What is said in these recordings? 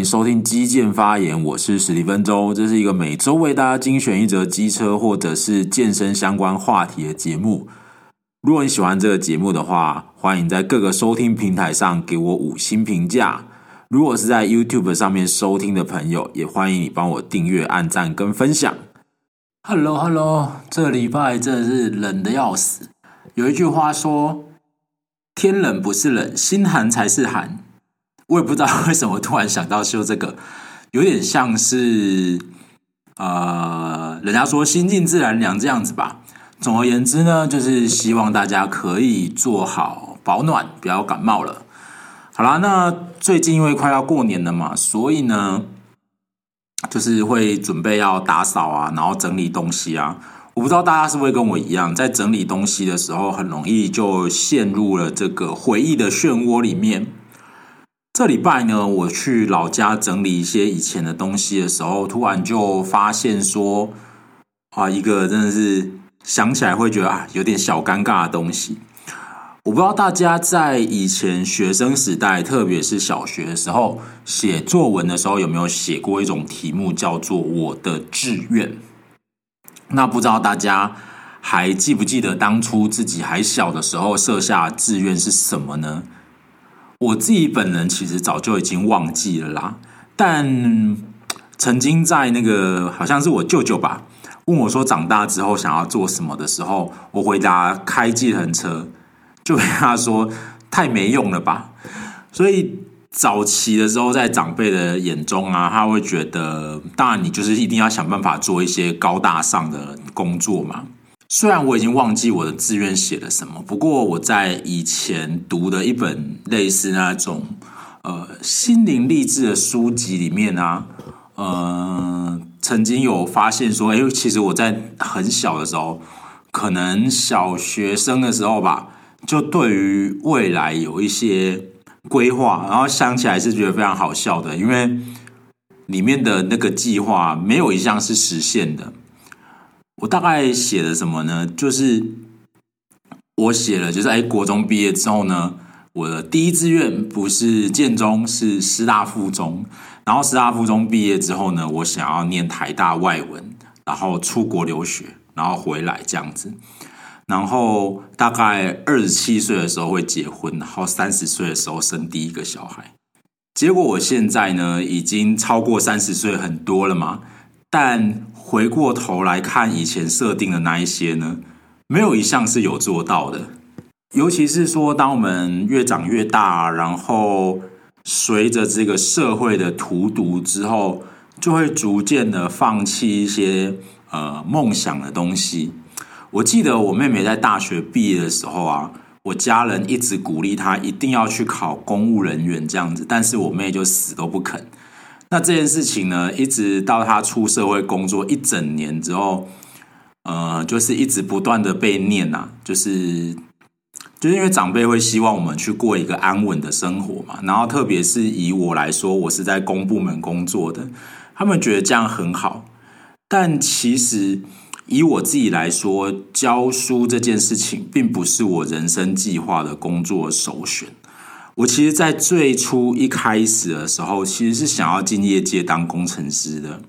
你收聽機健發言，我是史蒂芬周，這是一個每周為大家精選一則機車或者是健身相關話題的節目。如果你喜歡這個節目的話，歡迎在各個收聽平台上給我五星評價。如果是在 YouTube 上面收聽的朋友，也歡迎你幫我訂閱、按讚跟分享。Hello Hello，這禮拜真的是冷得要死。有一句話說，天冷不是冷，心寒才是寒。我也不知道為什麼突然想到修這個，有點像是呃，人家說“心靜自然涼”這樣子吧。總而言之呢，就是希望大家可以做好保暖，不要感冒了。好啦，那最近因為快要過年了嘛，所以呢，就是會準備要打掃啊，然後整理東西啊。我不知道大家是不是會跟我一樣，在整理東西的時候，很容易就陷入了這個回憶的漩渦裡面。這禮拜呢，我去老家整理一些以前的東西的時候，突然就發現說，啊，一個真的是想起來會覺得啊、哎，有點小尷尬的東西。我不知道大家在以前學生時代，特別是小學的時候寫作文的時候，有沒有寫過一種題目叫做“我的志願”。那不知道大家還記不記得當初自己還小的時候設下的志願是什麼呢？我自己本人其實早就已經忘記了啦，但曾經在那個好像是我舅舅吧，問我說長大之後想要做什麼的時候，我回答開計程車，就被他說太沒用了吧。所以早期的時候，在長輩的眼中啊，他會覺得，當然你就是一定要想辦法做一些高大上的工作嘛。雖然我已經忘記我的志願寫了什麼，不過我在以前讀的一本類似那種呃心靈勵志的書籍裡面啊，呃，曾經有發現說，哎，其實我在很小的時候，可能小學生的時候吧，就對於未來有一些規劃，然後想起來是覺得非常好笑的，因為裡面的那個計劃沒有一項是實現的。我大概寫了什麼呢？就是我寫了，就是哎，國中畢業之後呢，我的第一志願不是建中，是師大附中。然後師大附中畢業之後呢，我想要念台大外文，然後出國留學，然後回來這樣子。然後大概二十七歲的時候會結婚，然後三十歲的時候生第一個小孩。結果我現在呢，已經超過三十歲很多了嘛，但。回過頭來看以前設定的那一些呢，沒有一項是有做到的。尤其是說，當我們越長越大，然後隨着這個社會的荼毒之後，就會逐漸的放棄一些呃夢想的東西。我記得我妹妹在大學畢業的時候啊，我家人一直鼓勵她一定要去考公務人員這樣子，但是我妹就死都不肯。那這件事情呢，一直到他出社會工作一整年之後，呃，就是一直不斷的被念啊，就是就是因為長輩會希望我們去過一個安穩的生活嘛。然後，特別是以我來說，我是在公部門工作的，他們覺得這樣很好。但其實以我自己來說，教書這件事情並不是我人生計劃的工作首選。我其實，在最初一開始的時候，其實是想要進業界當工程師的。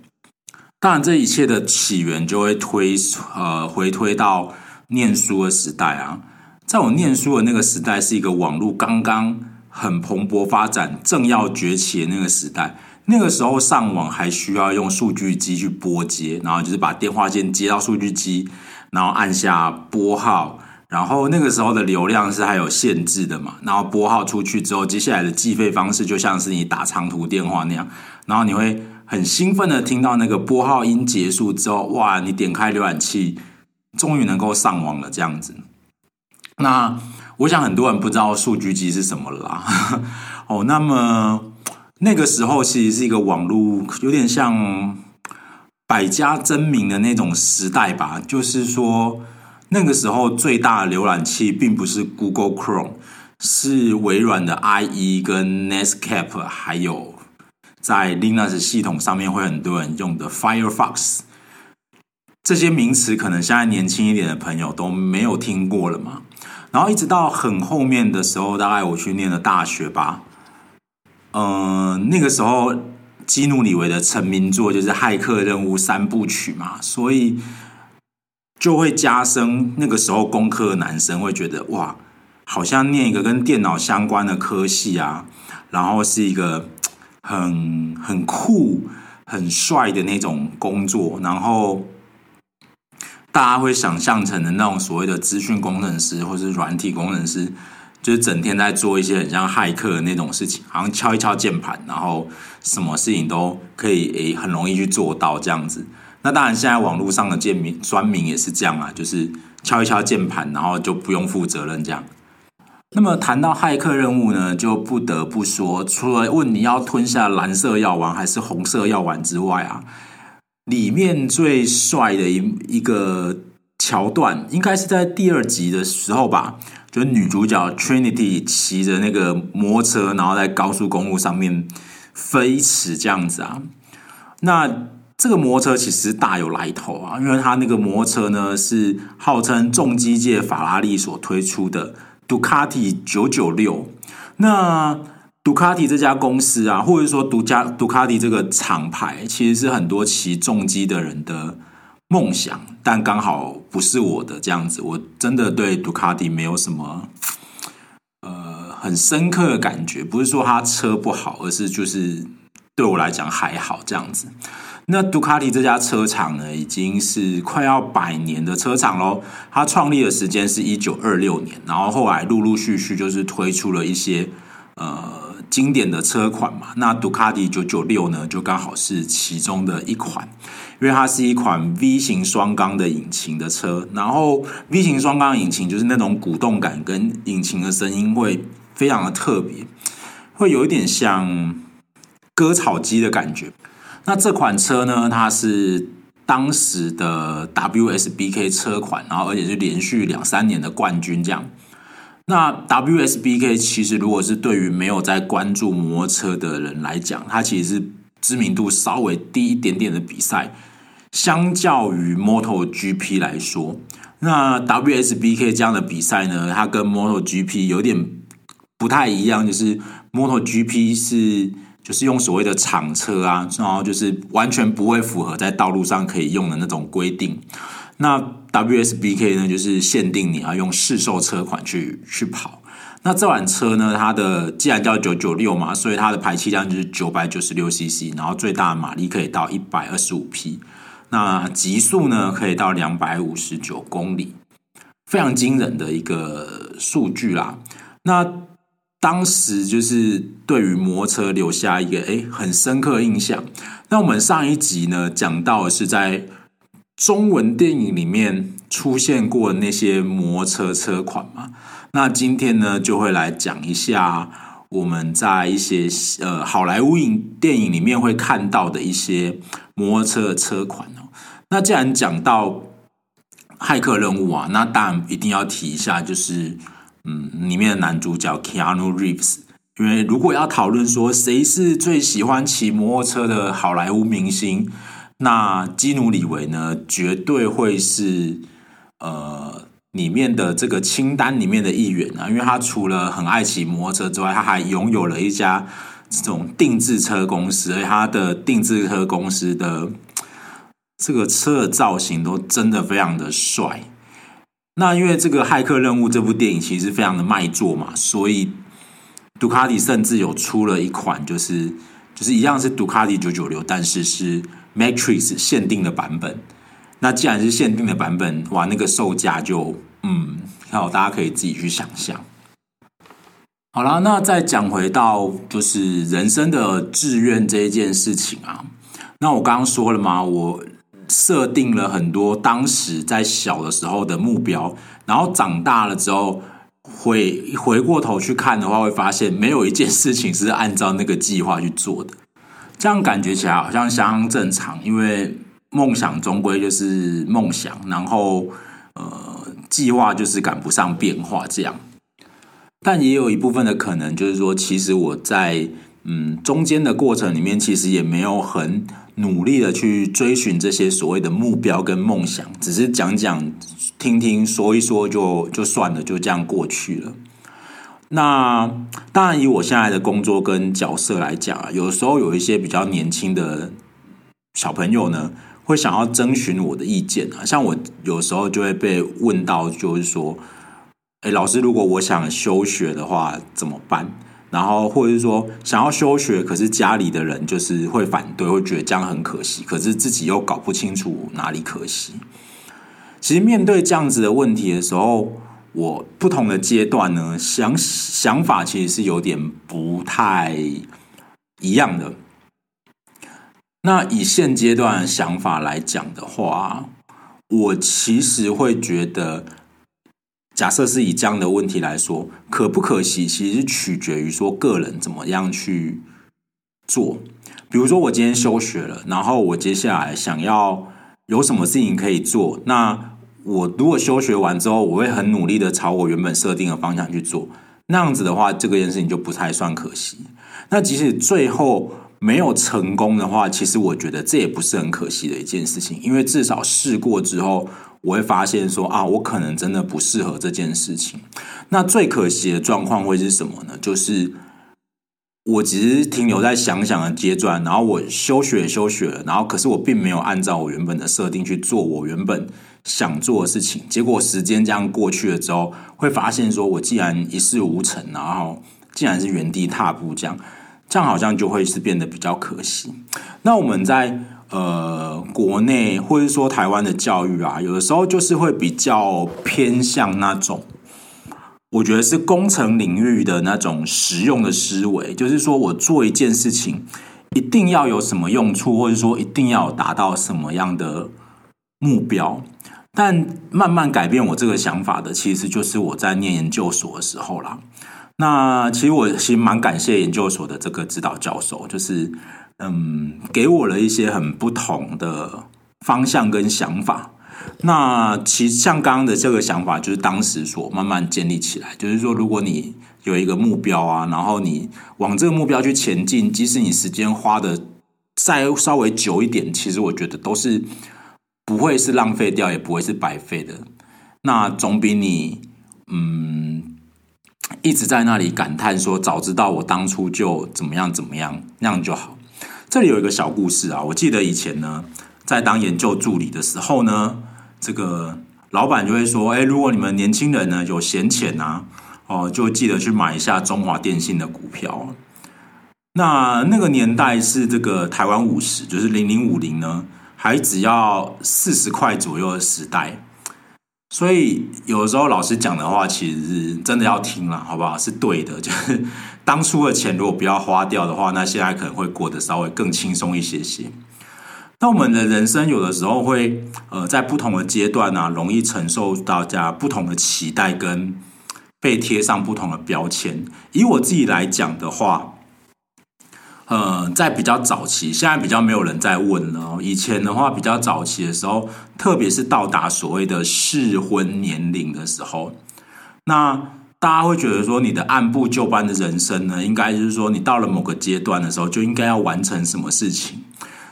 當然，這一切的起源就會推呃回推到念書的時代啊。在我念書的那個時代，是一個網絡剛剛很蓬勃發展、正要崛起的那個時代。那個時候上網還需要用數據機去撥接，然後就是把電話線接到數據機，然後按下撥號。然後那個時候的流量是還有限制的嘛。然後撥號出去之後，接下來的計費方式就像是你打長途電話那樣。然後你會很興奮的聽到那個撥號音結束之後，哇！你點開瀏覽器，終於能夠上網了，這樣子。那我想很多人不知道數據機是什麼了啦。 哦，那麼那個時候其實是一個網絡有點像百家爭鳴的那種時代吧，就是說。那個時候，最大的瀏覽器並不是 Google Chrome，是微軟的 IE，跟 Netscape，還有在 Linux 系統上面會很多人用的 Firefox。這些名詞可能現在年輕一點的朋友都沒有聽過了嘛。然後一直到很後面的時候，大概我去念了大學吧。嗯，那個時候，基努里維的成名作就是《駭客任務》三部曲嘛，所以。就會加深那個時候工科男生會覺得哇，好像念一個跟電腦相關的科系啊，然後是一個很很酷，很帥的那種工作，然後大家會想象成的那種所謂的資訊工程師或是軟體工程師，就是整天在做一些很像駭客的那種事情，好像敲一敲鍵盤，然後什麼事情都可以誒、欸、很容易去做到這樣子。那當然，現在網絡上的劍名、酸民也是這樣啊，就是敲一敲鍵盤，然後就不用負責任這樣。那麼談到駭客任務呢，就不得不說，除了問你要吞下藍色藥丸還是紅色藥丸之外啊，裡面最帥的一一個橋段，應該是在第二集的時候吧，就是、女主角 Trinity 騎着那個摩托車，然後在高速公路上面飛馳這樣子啊，那。這個摩托車其實大有來頭啊，因為它那個摩托車呢是號稱重機界法拉利所推出的杜卡迪九九六。那杜卡迪這家公司啊，或者說獨家杜卡迪這個廠牌，其實是很多騎重機的人的夢想，但剛好不是我的這樣子。我真的對杜卡迪沒有什麼呃很深刻的感覺，不是說它車不好，而是就是對我來講還好這樣子。那杜卡迪這家車廠呢，已經是快要百年的車廠咯，它創立的時間是一九二六年，然後後來陸陸續續就是推出了一些呃經典的車款嘛。那杜卡迪九九六呢，就剛好是其中的一款，因為它是一款 V 型雙缸的引擎的車。然後 V 型雙缸引擎就是那種鼓動感跟引擎的聲音會非常的特別，會有一點像割草機的感覺。那這款車呢，它是當時的 WSBK 車款，然後而且是連續兩三年的冠軍這樣。那 WSBK 其實如果是對於沒有在關注摩托車的人來講，它其實是知名度稍微低一點點的比賽，相較於 MotoGP 來說，那 WSBK 這樣的比賽呢，它跟 MotoGP 有點不太一樣，就是 MotoGP 是。就是用所謂的廠車啊，然後就是完全不會符合在道路上可以用的那種規定。那 WSBK 呢，就是限定你要用市售車款去去跑。那這款車呢，它的既然叫九九六嘛，所以它的排氣量就是九百九十六 CC，然後最大的馬力可以到一百二十五匹，那極速呢可以到兩百五十九公里，非常驚人的一個數據啦。那當時就是對於摩托車留下一個哎、欸、很深刻印象。那我們上一集呢講到的是在中文電影裡面出現過那些摩托車車款嘛。那今天呢就會來講一下我們在一些呃好萊塢影電影裡面會看到的一些摩托車的車款哦。那既然講到駭客任務啊，那當然一定要提一下就是。嗯，裡面的男主角 Keanu Reeves，因為如果要討論說誰是最喜歡騎摩托車的好萊塢明星，那基努李維呢，絕對會是呃裡面的這個清單裡面的一員啊，因為他除了很愛騎摩托車之外，他還擁有了一家這種定製車公司，而他的定製車公司的這個車的造型都真的非常的帥。那因為這個《駭客任務》這部電影其實非常的賣座嘛，所以杜卡迪甚至有出了一款，就是就是一樣是杜卡迪九九六，但是是《Matrix》限定的版本。那既然是限定的版本，哇，那個售價就嗯，好大家可以自己去想象。好啦，那再講回到就是人生的志願這一件事情啊。那我剛剛說了嘛，我。設定了很多當時在小的時候的目標，然後長大了之後回回過頭去看的話，會發現沒有一件事情是按照那個計劃去做的。這樣感覺起來好像相當正常，因為夢想終歸就是夢想，然後呃，計劃就是趕不上變化這樣。但也有一部分的可能，就是說，其實我在嗯中間的過程裡面，其實也沒有很。努力的去追尋這些所謂的目標跟夢想，只是講講、聽聽，說一說就就算了，就這樣過去了。那當然，以我現在的工作跟角色來講啊，有時候有一些比較年輕的小朋友呢，會想要徵詢我的意見啊。像我有時候就會被問到，就是說，哎，老師，如果我想休學的話，怎麼辦？然後，或者是說想要休學，可是家裡的人就是會反對，會覺得這樣很可惜，可是自己又搞不清楚哪裡可惜。其實面對這樣子的問題的時候，我不同的階段呢，想想法其實是有點不太一樣的。那以現階段的想法來講的話，我其實會覺得。假設是以這樣的問題來說，可不可惜，其實是取決於說個人怎麼樣去做。比如說，我今天休學了，然後我接下來想要有什麼事情可以做。那我如果休學完之後，我會很努力的朝我原本設定的方向去做，那樣子的話，這個件事情就不太算可惜。那即使最後，沒有成功的話，其實我覺得這也不是很可惜的一件事情，因為至少試過之後，我會發現說啊，我可能真的不適合這件事情。那最可惜的狀況會是什麼呢？就是我只是停留在想想的階段，然後我休學休學了，然後可是我並沒有按照我原本的設定去做我原本想做的事情。結果時間這樣過去了之後，會發現說我竟然一事無成，然後竟然是原地踏步這樣。這樣好像就會是變得比較可惜。那我們在呃國內，或者說台灣的教育啊，有的時候就是會比較偏向那種，我覺得是工程領域的那種實用的思維，就是說我做一件事情一定要有什麼用處，或者說一定要達到什麼樣的目標。但慢慢改變我這個想法的，其實就是我在念研究所的時候啦。那其實我其實蠻感謝研究所的這個指導教授，就是嗯，給我了一些很不同的方向跟想法。那其實像剛剛的這個想法，就是當時所慢慢建立起來，就是說，如果你有一個目標啊，然後你往這個目標去前進，即使你時間花的再稍微久一點，其實我覺得都是不會是浪費掉，也不會是白費的。那總比你，嗯，一直在那裡感嘆說：“早知道我當初就怎麼樣怎麼樣那樣就好。”這裡有一個小故事啊，我記得以前呢，在當研究助理的時候呢，這個老闆就會說：“哎，如果你們年輕人呢有閒錢啊，哦，就記得去買一下中華電信的股票。”那那個年代是這個台灣五十，就是零零五零呢，還只要四十塊左右的時代。所以，有的時候老師講的話，其實真的要聽啦，好不好？是對的，就是當初的錢如果不要花掉的話，那現在可能會過得稍微更輕鬆一些些。那我們的人生有的時候會，呃，在不同的階段呢、啊，容易承受大家不同的期待，跟被貼上不同的標籤。以我自己來講的話。呃，在比較早期，現在比較沒有人再問了、哦。以前的話，比較早期的時候，特別是到達所謂的適婚年齡的時候，那大家會覺得說，你的按部就班的人生呢，應該就是說，你到了某個階段的時候，就應該要完成什麼事情。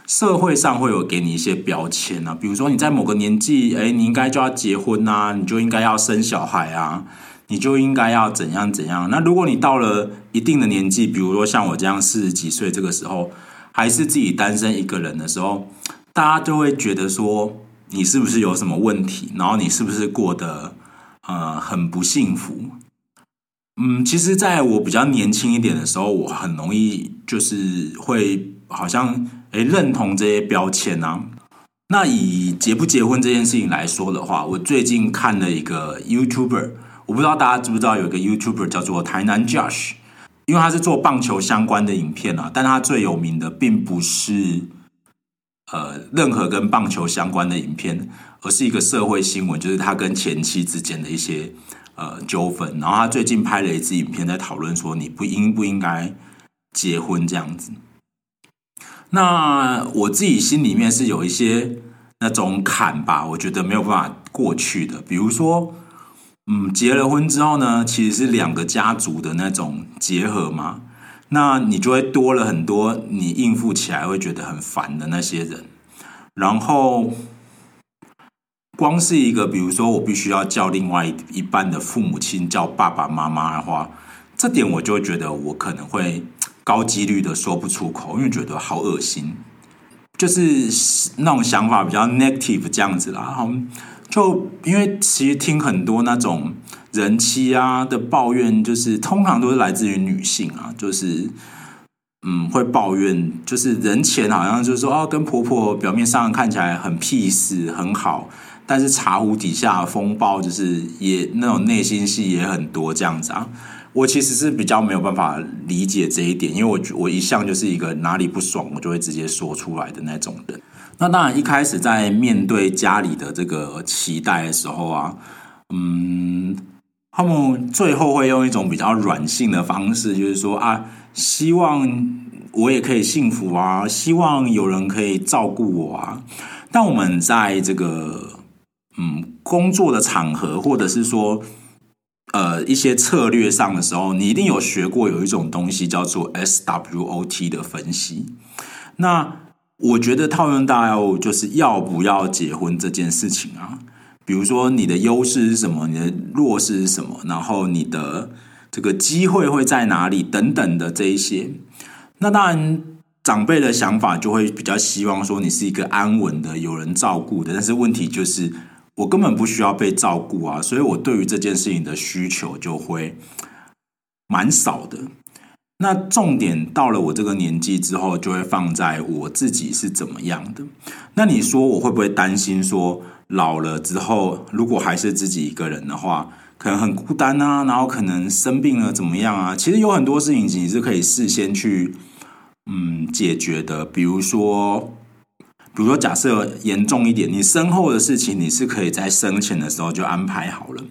社會上會有給你一些標籤呢、啊，比如說你在某個年紀，哎，你應該就要結婚啊，你就應該要生小孩啊。你就應該要怎樣怎樣。那如果你到了一定的年紀，比如說像我這樣四十幾歲這個時候，還是自己單身一個人的時候，大家就會覺得說你是不是有什麼問題？然後你是不是過得呃很不幸福？嗯，其實在我比較年輕一點的時候，我很容易就是會好像誒認同這些標籤啊。那以結不結婚這件事情來說的話，我最近看了一個 YouTuber。我不知道大家知不知道有一個 YouTuber 叫做台南 Josh，因為他是做棒球相關的影片啊，但他最有名的並不是呃任何跟棒球相關的影片，而是一個社會新聞，就是他跟前妻之間的一些呃糾紛。然後他最近拍了一支影片，在討論說你不應不應該結婚這樣子。那我自己心裡面是有一些那種坎吧，我覺得沒有辦法過去的，比如說。嗯，結了婚之後呢，其實是兩個家族的那種結合嘛，那你就會多了很多你應付起來會覺得很煩的那些人，然後光是一個，比如說我必須要叫另外一半的父母親叫爸爸媽媽的話，這點我就覺得我可能會高幾率的說不出口，因為覺得好惡心，就是那種想法比較 negative 這樣子啦，就因為其實聽很多那種人妻啊的抱怨，就是通常都是來自於女性啊，就是嗯會抱怨，就是人前好像就是說哦、啊、跟婆婆表面上看起來很 peace 很好，但是茶壺底下風暴，就是也那種內心戲也很多這樣子啊。我其實是比較沒有辦法理解這一點，因為我我一向就是一個哪裡不爽我就會直接說出來的那種人。那當然，一開始在面對家裡的這個期待的時候啊，嗯，他們最後會用一種比較軟性的方式，就是說啊，希望我也可以幸福啊，希望有人可以照顧我啊。但我們在這個嗯工作的場合，或者是說呃一些策略上的時候，你一定有學過有一種東西叫做 SWOT 的分析，那。我覺得套用大要就是要不要結婚這件事情啊，比如說你的優勢是什麼，你的弱勢是什麼，然後你的這個機會會在哪裡等等的這一些。那當然長輩的想法就會比較希望說，你是一個安穩的、有人照顧的，但是問題就是我根本不需要被照顧啊，所以我對於這件事情的需求就會蠻少的。那重點到了我這個年紀之後，就會放在我自己是怎麼樣的。那你說我會不會擔心說老了之後，如果還是自己一個人的話，可能很孤單啊，然後可能生病了怎麼樣啊？其實有很多事情你是可以事先去嗯解決的，比如說，比如說假設嚴重一點，你身後的事情你是可以在生前的時候就安排好了。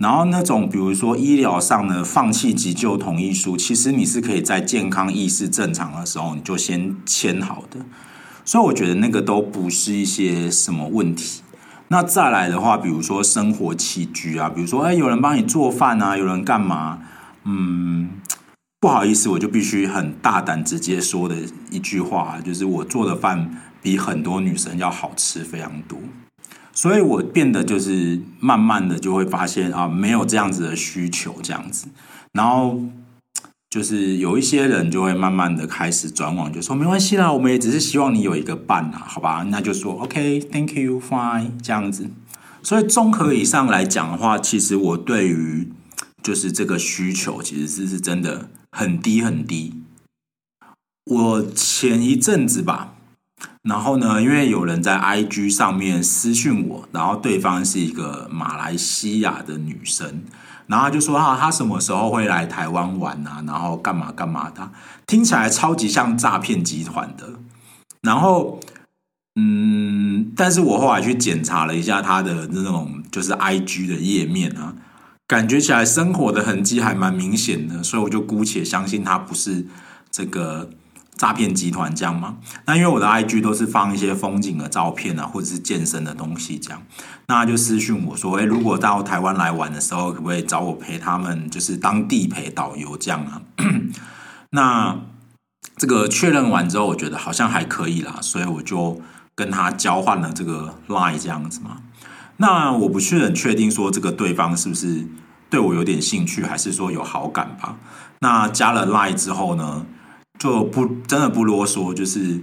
然後那種，比如說醫療上呢，放棄急救同意書，其實你是可以在健康意識正常的時候，你就先簽好的。所以我覺得那個都不是一些什麼問題。那再來的話，比如說生活起居啊，比如說哎，有人幫你做飯啊，有人幹嘛？嗯，不好意思，我就必須很大膽直接說的一句話，就是我做的飯比很多女生要好吃非常多。所以我變得就是慢慢的就會發現啊，沒有這樣子的需求這樣子，然後就是有一些人就會慢慢的開始轉往，就說沒關係啦，我們也只是希望你有一個伴啊，好吧，那就說 OK，Thank you，Fine 這樣子。所以綜合以上來講的話，其實我對於就是這個需求，其實是是真的很低很低。我前一陣子吧。然後呢，因為有人在 IG 上面私訊我，然後對方是一個馬來西亞的女生，然後他就說啊，她什麼時候會來台灣玩啊，然後幹嘛幹嘛的啊，聽起來超級像詐騙集團的。然後，嗯，但是我後來去檢查了一下他的那種就是 IG 的頁面啊，感覺起來生活的痕跡還蠻明顯的，所以我就姑且相信他不是這個。詐騙集團這樣嗎？那因為我的 IG 都是放一些風景的照片啊，或者是健身的東西這樣，那他就私訊我說、欸：“如果到台灣來玩的時候，可不可以找我陪他們，就是當地陪導遊這樣啊？” 那這個確認完之後，我覺得好像還可以啦，所以我就跟他交換了這個 LINE 這樣子嘛。那我不是很確定說這個對方是不是對我有點興趣，還是說有好感吧？那加了 LINE 之後呢？就不真的，不囉嗦，就是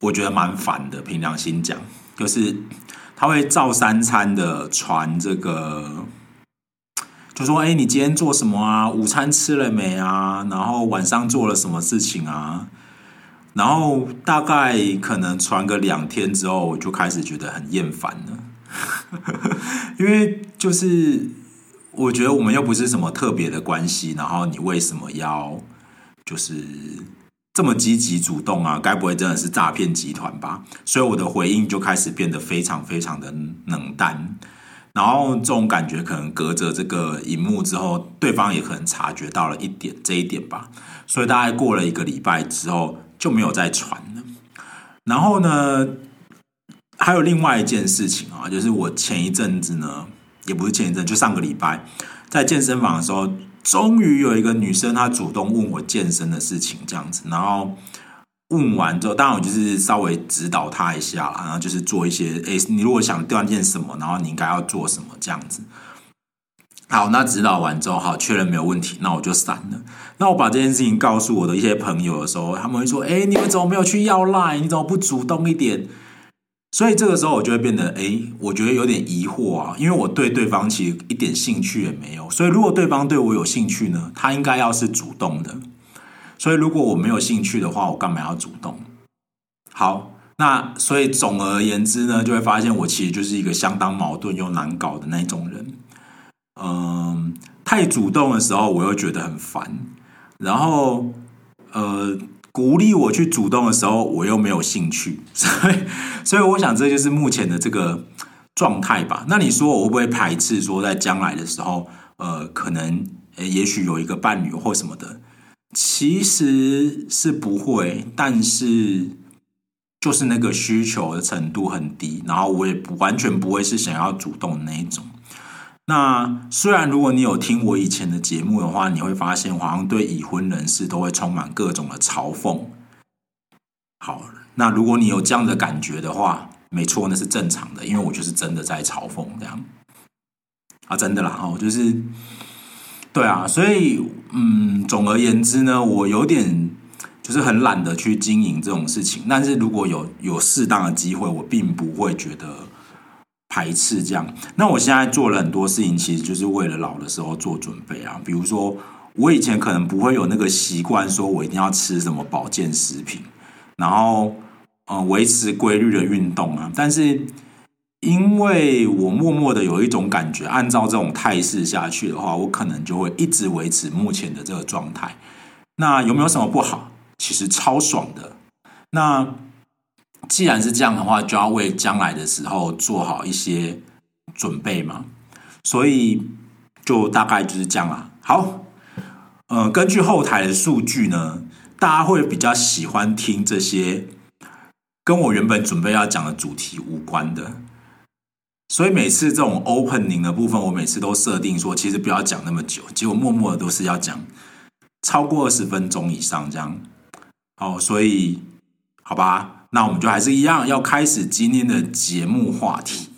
我覺得蠻煩的。憑良心講，就是他會照三餐的傳這個，就說：“哎、欸，你今天做什麼啊？午餐吃了沒啊？然後晚上做了什麼事情啊？”然後大概可能傳個兩天之後，我就開始覺得很厭煩了， 因為就是我覺得我們又不是什麼特別的關係，然後你為什麼要就是？這麼積極主動啊，該不會真的是詐騙集團吧？所以我的回應就開始變得非常非常的冷淡。然後這種感覺可能隔着這個熒幕之後，對方也可能察覺到了一點這一點吧。所以大概過了一個禮拜之後，就沒有再傳了。然後呢，還有另外一件事情啊，就是我前一陣子呢，也不是前一陣，就上個禮拜在健身房的時候。終於有一個女生，她主動問我健身的事情，這樣子。然後問完之後，當然我就是稍微指導她一下啦，然後就是做一些，哎，你如果想鍛鍊什麼，然後你應該要做什麼，這樣子。好，那指導完之後，哈，確認沒有問題，那我就閃了。那我把這件事情告訴我的一些朋友的時候，他們會說，哎，你們怎麼沒有去要 line？你怎麼不主動一點？所以這個時候我就會變得，哎，我覺得有點疑惑啊，因為我對對方其實一點興趣也沒有。所以如果對方對我有興趣呢，他應該要是主動的。所以如果我沒有興趣的話，我干嘛要主動？好，那所以總而言之呢，就會發現我其實就是一個相當矛盾又難搞的那種人。嗯、呃，太主動的時候我又覺得很煩，然後呃。鼓勵我去主動的時候，我又沒有興趣，所以所以我想這就是目前的這個狀態吧。那你說我會不會排斥說在將來的時候，呃，可能，欸，也許有一個伴侶或什麼的，其實是不會，但是就是那個需求的程度很低，然後我也不完全不會是想要主動的那一種。那雖然如果你有聽我以前的節目的話，你會發現好像對已婚人士都會充滿各種的嘲諷。好，那如果你有這樣的感覺的話，沒錯，那是正常的，因為我就是真的在嘲諷這樣。啊，真的啦，哦，就是，對啊，所以，嗯，總而言之呢，我有點就是很懶得去經營這種事情，但是如果有有適當的機會，我並不會覺得。排斥這樣，那我現在做了很多事情，其實就是為了老的時候做準備啊。比如說，我以前可能不會有那個習慣，說我一定要吃什麼保健食品，然後嗯、呃、維持規律的運動啊。但是因為我默默的有一種感覺，按照這種態勢下去的話，我可能就會一直維持目前的這個狀態。那有沒有什麼不好？其實超爽的。那。既然是這樣的話，就要為將來的時候做好一些準備嘛。所以就大概就是這樣啦。好，呃，根據後台的數據呢，大家會比較喜歡聽這些跟我原本準備要講的主題無關的。所以每次這種 opening 的部分，我每次都設定說，其實不要講那麼久。結果默默的都是要講超過二十分鐘以上這樣。哦，所以好吧。那我們就還是一樣，要開始今天的節目話題。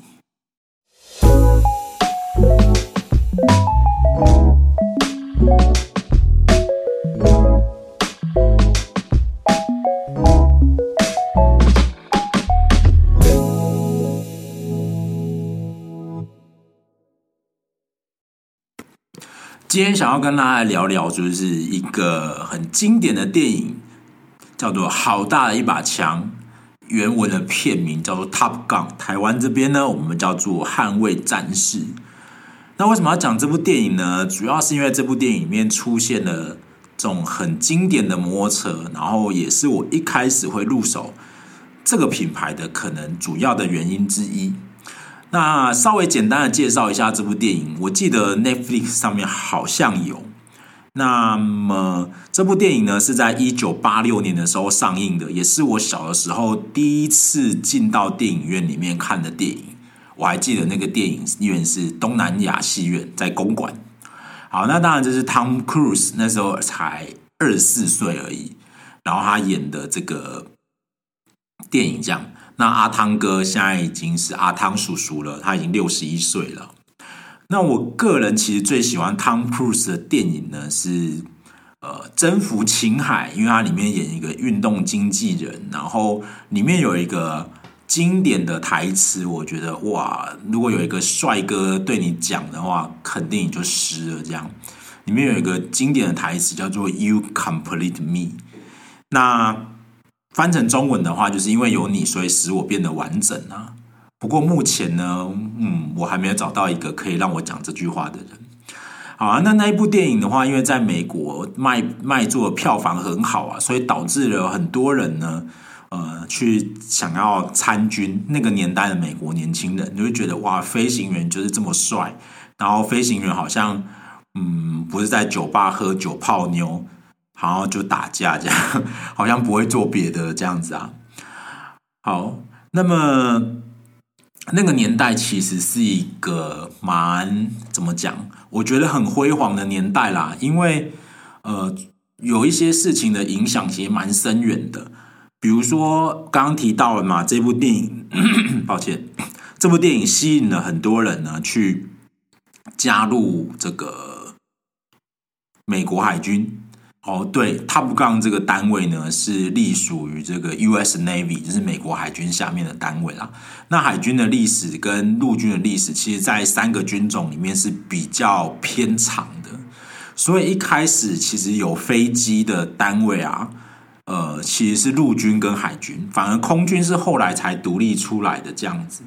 今天想要跟大家聊聊，就是一個很經典的電影，叫做《好大的一把槍》。原文的片名叫做《Top Gun》，台灣這邊呢，我們叫做《捍衛戰士》。那為什麼要講這部電影呢？主要是因為這部電影裡面出現了這種很經典的摩托車，然後也是我一開始會入手這個品牌的可能主要的原因之一。那稍微簡單的介紹一下這部電影，我記得 Netflix 上面好像有。那麼這部電影呢，是在一九八六年的時候上映的，也是我小的時候第一次進到電影院裡面看的電影。我還記得那個電影院是東南亞戲院，在公館。好，那當然就是 Tom Cruise 那時候才二十四歲而已。然後他演的這個電影，這樣。那阿湯哥現在已經是阿湯叔叔了，他已經六十一歲了。那我個人其實最喜歡 r u i s e 的電影呢，是呃《征服青海》，因為它裡面演一個運動經紀人，然後裡面有一個經典的台詞，我覺得哇，如果有一個帥哥對你講的話，肯定你就濕了。這樣，裡面有一個經典的台詞叫做 “You complete me”，那翻成中文的話，就是因為有你，所以使我變得完整啊。不過目前呢，嗯，我還沒有找到一個可以讓我講這句話的人。好啊，那那一部電影的話，因為在美國賣賣座票房很好啊，所以導致了很多人呢，呃，去想要參軍。那個年代的美國年輕人，你會覺得哇，飛行員就是這麼帥，然後飛行員好像，嗯，不是在酒吧喝酒泡妞，然後就打架這樣，好像不會做別的這樣子啊。好，那麼。那個年代其實是一個蠻怎麼講？我覺得很輝煌的年代啦，因為呃，有一些事情的影響其實蠻深遠的。比如說剛剛提到了嘛，這部電影，呵呵，抱歉，這部電影吸引了很多人呢，去加入這個美國海軍。哦，對，Top Gun 這個單位呢，是隸屬於這個 U.S. Navy，就是美國海軍下面的單位啦。那海軍的歷史跟陸軍的歷史，其實在三個軍種裡面是比較偏長的。所以一開始其實有飛機的單位啊，呃，其實是陸軍跟海軍，反而空軍是後來才獨立出來的這樣子。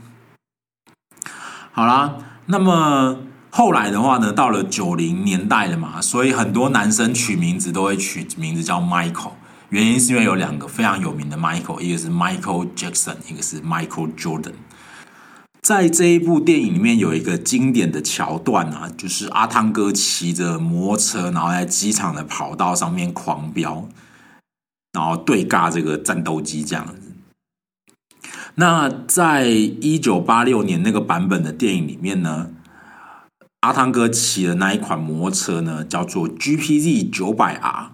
好啦，那麼。後來的話呢，到了九零年代了嘛，所以很多男生取名字都會取名字叫 Michael，原因是因為有兩個非常有名的 Michael，一個是 Michael Jackson，一個是 Michael Jordan。在這一部電影裡面有一個經典的橋段啊，就是阿湯哥騎着摩托車，然後在機場的跑道上面狂飆，然後對尬這個戰鬥機這樣子。那在一九八六年那個版本的電影裡面呢，阿湯哥騎的那一款摩托車呢，叫做 GPZ 九百 R。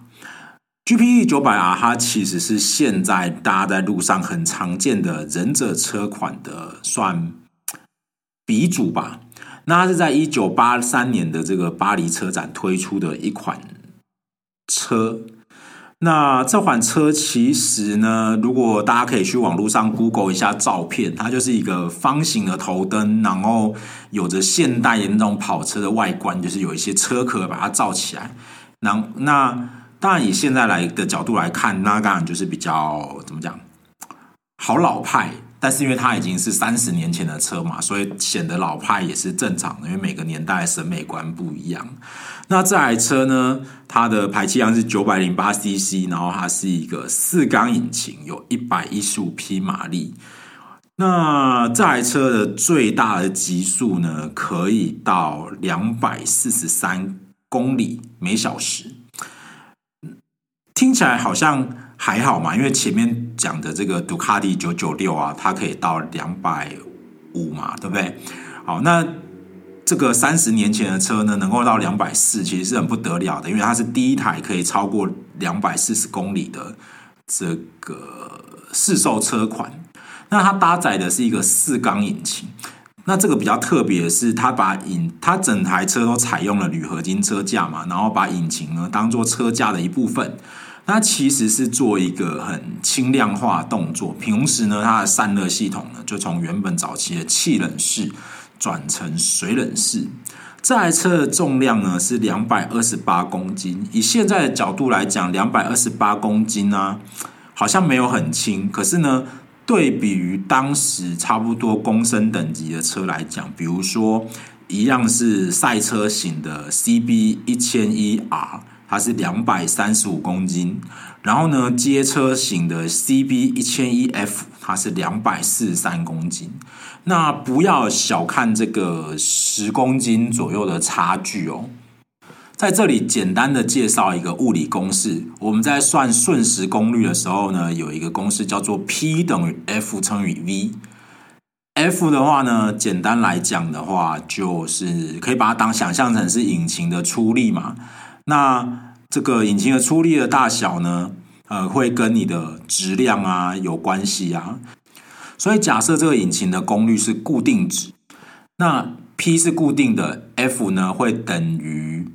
GPZ 九百 R 它其實是現在大家在路上很常見的忍者車款的算鼻祖吧。那它是在一九八三年的這個巴黎車展推出的一款車。那這款車其實呢，如果大家可以去網絡上 Google 一下照片，它就是一個方形的頭燈，然後有着現代的那種跑車的外觀，就是有一些車殼把它罩起來。那那當然以現在來的角度來看，那當然就是比較怎麼講，好老派。但是因為它已經是三十年前的車嘛，所以顯得老派也是正常的，因為每個年代審美觀不一樣。那這台車呢，它的排氣量是九百零八 CC，然後它是一個四缸引擎，有一百一十五匹馬力。那這台車的最大的極速呢，可以到兩百四十三公里每小時。聽起來好像還好嘛，因為前面講的這個杜卡迪九九六啊，它可以到兩百五嘛，對不對？好，那。這個三十年前的車呢，能夠到兩百四，其實是很不得了的，因為它是第一台可以超過兩百四十公里的這個市售車款。那它搭載的是一個四缸引擎。那這個比較特別的是，它把引它整台車都採用了鋁合金車架嘛，然後把引擎呢當做車架的一部分，那其實是做一個很輕量化的動作。平時呢，它的散熱系統呢，就從原本早期的氣冷式。轉成水冷式。這台車的重量呢是兩百二十八公斤。以現在的角度來講，兩百二十八公斤啊，好像沒有很輕。可是呢，對比於當時差不多公升等級的車來講，比如說一樣是賽車型的 CB 一千一 R，它是兩百三十五公斤。然後呢，街車型的 CB 一千一 F，它是兩百四十三公斤，那不要小看這個十公斤左右的差距哦。在這裡簡單的介紹一個物理公式，我們在算瞬時功率的時候呢，有一個公式叫做 P 等於 F 乘以 V。F 的話呢，簡單來講的話，就是可以把它當想象成是引擎的出力嘛。那這個引擎的出力的大小呢？呃，會跟你的質量啊有關係啊，所以假設這個引擎的功率是固定值，那 P 是固定的，F 呢會等於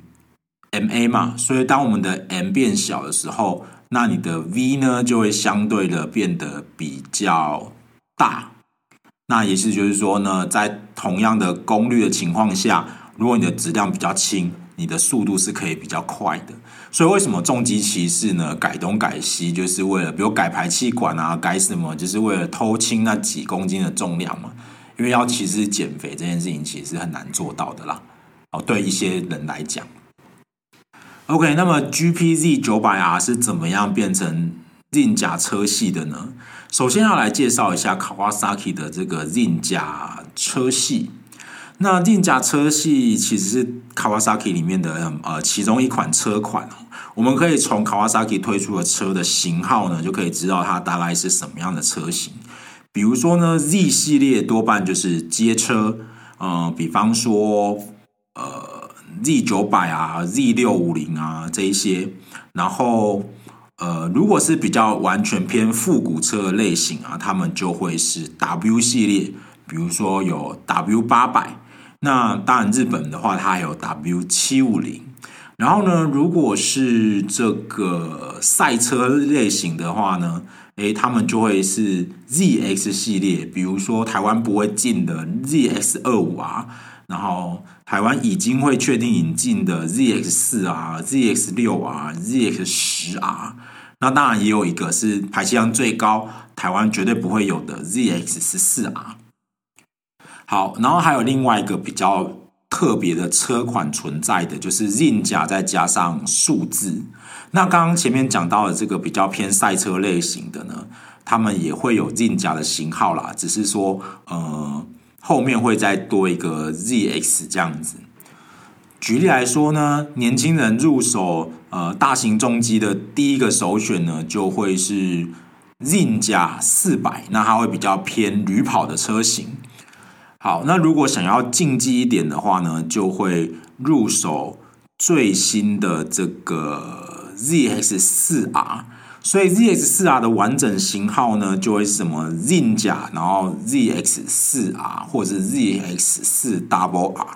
MA 嘛，所以當我們的 M 變小的時候，那你的 V 呢就會相對的變得比較大，那也是就是說呢，在同樣的功率的情況下，如果你的質量比較輕。你的速度是可以比較快的，所以為什麼重機騎士呢？改東改西就是為了，比如改排氣管啊，改什麼，就是為了偷輕那幾公斤的重量嘛。因為要其實減肥這件事情，其實是很難做到的啦。哦，對一些人來講。OK，那麼 GPZ 九百 R 是怎麼樣變成 Ninja 車系的呢？首先要來介紹一下 Kawasaki 的這個 Ninja 車系。那 Ninja 車系其實是 Kawasaki 裡面的呃其中一款車款哦、啊，我們可以從 Kawasaki 推出的車的型號呢，就可以知道它大概是什麼樣的車型。比如說呢，Z 系列多半就是街車，嗯、呃，比方說呃 Z 九百啊，Z 六五零啊這一些，然後呃如果是比較完全偏復古車的類型啊，他們就會是 W 系列，比如說有 W 八百。那當然，日本的話，它還有 W 七五零。然後呢，如果是這個賽車類型的話呢，誒、欸，他們就會是 ZX 系列，比如說台灣不會進的 ZX 二五 R，然後台灣已經會確定引進的 ZX 四 R、ZX 六 R、ZX 十 R。那當然也有一個是排氣量最高、台灣絕對不會有的 ZX 十四 R。好，然後還有另外一個比較特別的車款存在的，就是 Ninja 再加上數字。那剛剛前面講到的這個比較偏賽車類型的呢，他們也會有 Ninja 的型號啦，只是說，呃，後面會再多一個 ZX 這樣子。舉例來說呢，年輕人入手呃大型重機的第一個首選呢，就會是 Ninja 四百，那它會比較偏旅跑的車型。好，那如果想要競技一點的話呢，就會入手最新的這個 Z X 四 R。所以 Z X 四 R 的完整型號呢，就會是什麼 Ninja，然後 Z X 四 R 或者是 Z X 四 Double R，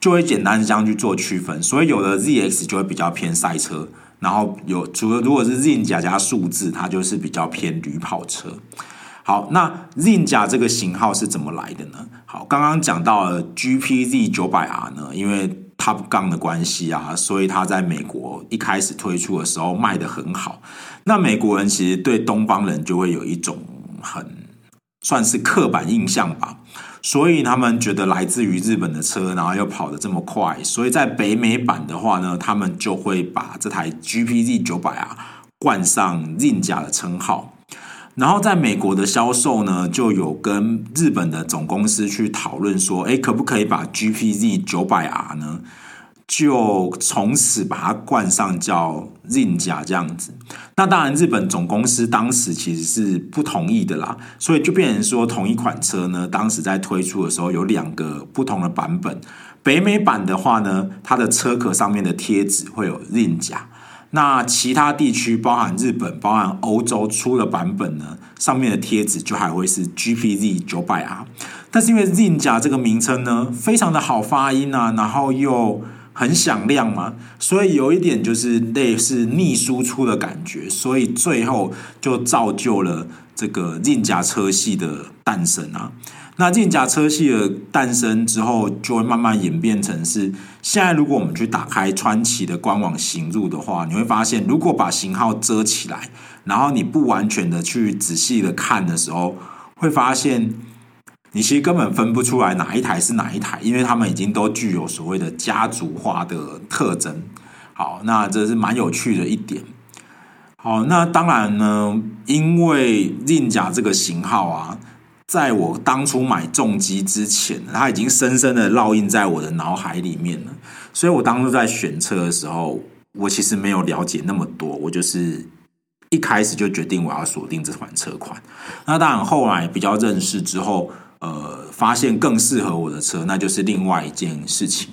就會簡單這樣去做區分。所以有的 Z X 就會比較偏賽車，然後有除了如果是 Ninja 加數字，它就是比較偏旅跑車。好，那 Ninja 這個型號是怎麼來的呢？好，剛剛講到了 GPZ 九百 R 呢，因為 Top Gun 的關係啊，所以它在美國一開始推出的時候賣得很好。那美國人其實對東方人就會有一種很算是刻板印象吧，所以他們覺得來自於日本的車，然後又跑得這麼快，所以在北美版的話呢，他們就會把這台 GPZ 九百 R 冠上 Ninja 的稱號。然後在美國的銷售呢，就有跟日本的總公司去討論說，哎，可不可以把 GPZ 九百 R 呢，就從此把它冠上叫 Ninja 這樣子？那當然，日本總公司當時其實是不同意的啦，所以就變成說，同一款車呢，當時在推出的時候有兩個不同的版本。北美版的話呢，它的車殼上面的貼紙會有 Ninja 那其他地區，包含日本、包含歐洲出的版本呢，上面的貼紙就還會是 GPZ 九百 R，但是因為 Ninja 這個名稱呢，非常的好發音啊，然後又很響亮嘛，所以有一點就是類似逆輸出的感覺，所以最後就造就了這個 Ninja 車系的誕生啊。那 Ninja 車系的誕生之後，就會慢慢演變成是現在。如果我們去打開川崎的官網行入的話，你會發現，如果把型號遮起來，然後你不完全的去仔細的看的時候，會發現你其實根本分不出來哪一台是哪一台，因為他們已經都具有所謂的家族化的特徵。好，那這是蠻有趣的一點。好，那當然呢，因為 Ninja 這個型號啊。在我當初買重機之前，它已經深深的烙印在我的腦海裡面了。所以我當初在選車的時候，我其實沒有了解那麼多，我就是一開始就決定我要鎖定這款車款。那當然，後來比較認識之後，呃，發現更適合我的車，那就是另外一件事情。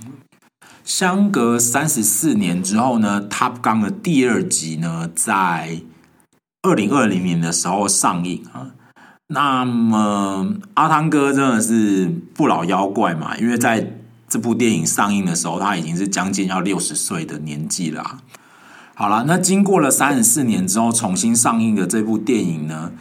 相隔三十四年之後呢，《Top Gun》的第二集呢，在二零二零年的時候上映啊。那麼，阿湯哥真的是不老妖怪嘛？因為在這部電影上映的時候，他已經是將近要六十歲的年紀啦、啊。好啦，那經過了三十四年之後重新上映的這部電影呢，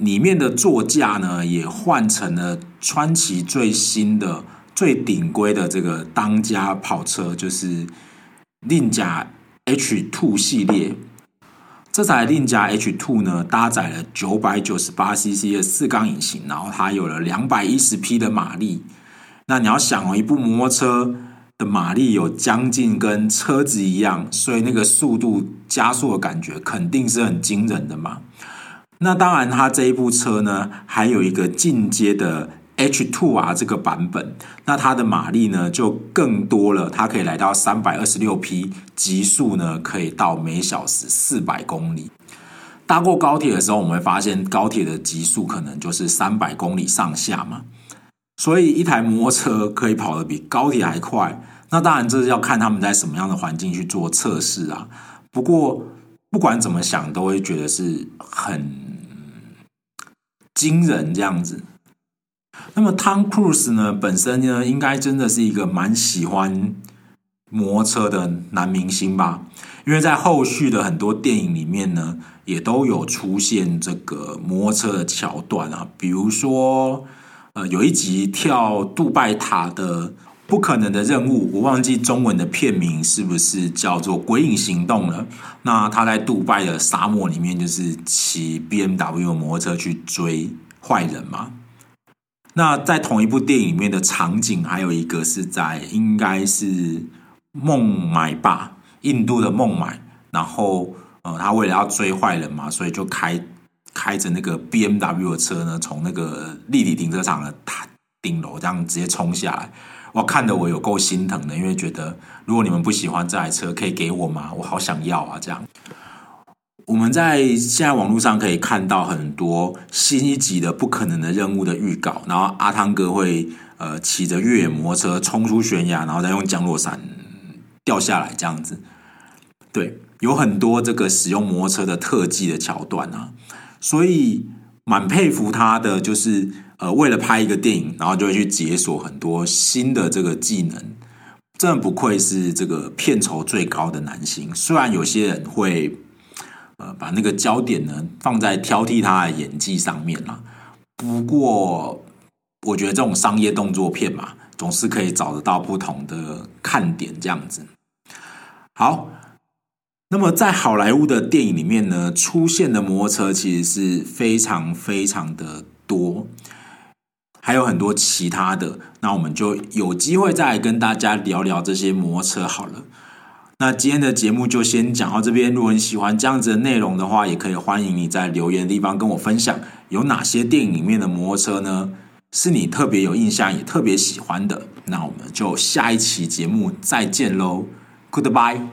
裡面的座駕呢也換成了川崎最新的、最頂規的這個當家跑車，就是 Ninja、H2 系列。這台 Ninja H2 呢，搭載了九百九十八 CC 的四缸引擎，然後它有了兩百一十匹的馬力。那你要想哦，一部摩托車的馬力有將近跟車子一樣，所以那個速度加速的感覺肯定是很驚人的嘛。那當然，它這一部車呢，還有一個進階的。H2R，這個版本，那它的馬力呢就更多了，它可以來到三百二十六匹，極速呢可以到每小時四百公里。搭過高鐵的時候，我們會發現高鐵的極速可能就是三百公里上下嘛。所以一台摩托車可以跑得比高鐵還快，那當然這是要看他們在什麼樣的環境去做測試啊。不過不管怎麼想，都會覺得是很驚人這樣子。那麼，Tom Cruise 呢？本身呢，應該真的是一個蠻喜歡摩托車的男明星吧？因為在後續的很多電影裡面呢，也都有出現這個摩托車的橋段啊。比如說，呃，有一集跳杜拜塔的不可能的任務，我忘記中文的片名是不是叫做《鬼影行動》了？那他在杜拜的沙漠裡面，就是騎 BMW 摩托車去追壞人嘛。那在同一部電影裡面的場景，還有一個是在應該是孟買吧，印度的孟買。然後，呃，他為了要追壞人嘛，所以就開開着那個 BMW 的車呢，從那個立體停車場的塔頂樓這樣直接衝下來。我看得我有夠心疼的，因為覺得如果你們不喜歡這台車，可以給我嗎？我好想要啊，這樣。我們在現在網絡上可以看到很多新一集的不可能的任務的預告，然後阿湯哥會呃騎着越野摩托車衝出懸崖，然後再用降落傘掉下來這樣子。對，有很多這個使用摩托車的特技的橋段啊，所以蠻佩服他的，就是呃爲了拍一個電影，然後就會去解鎖很多新的這個技能。真不愧是這個片酬最高的男星，雖然有些人會。把那個焦點呢放在挑剔他的演技上面啦。不過，我覺得這種商業動作片嘛，總是可以找得到不同的看點。這樣子好。那麼，在好萊塢的電影裡面呢，出現的摩托車其實是非常非常的多，還有很多其他的。那我們就有機會再來跟大家聊聊這些摩托車好了。那今天的節目就先講到這邊。如果你喜歡這樣子的內容的話，也可以歡迎你在留言的地方跟我分享有哪些電影裡面的摩托車呢？是你特別有印象也特別喜歡的。那我們就下一期節目再見嘍。Goodbye。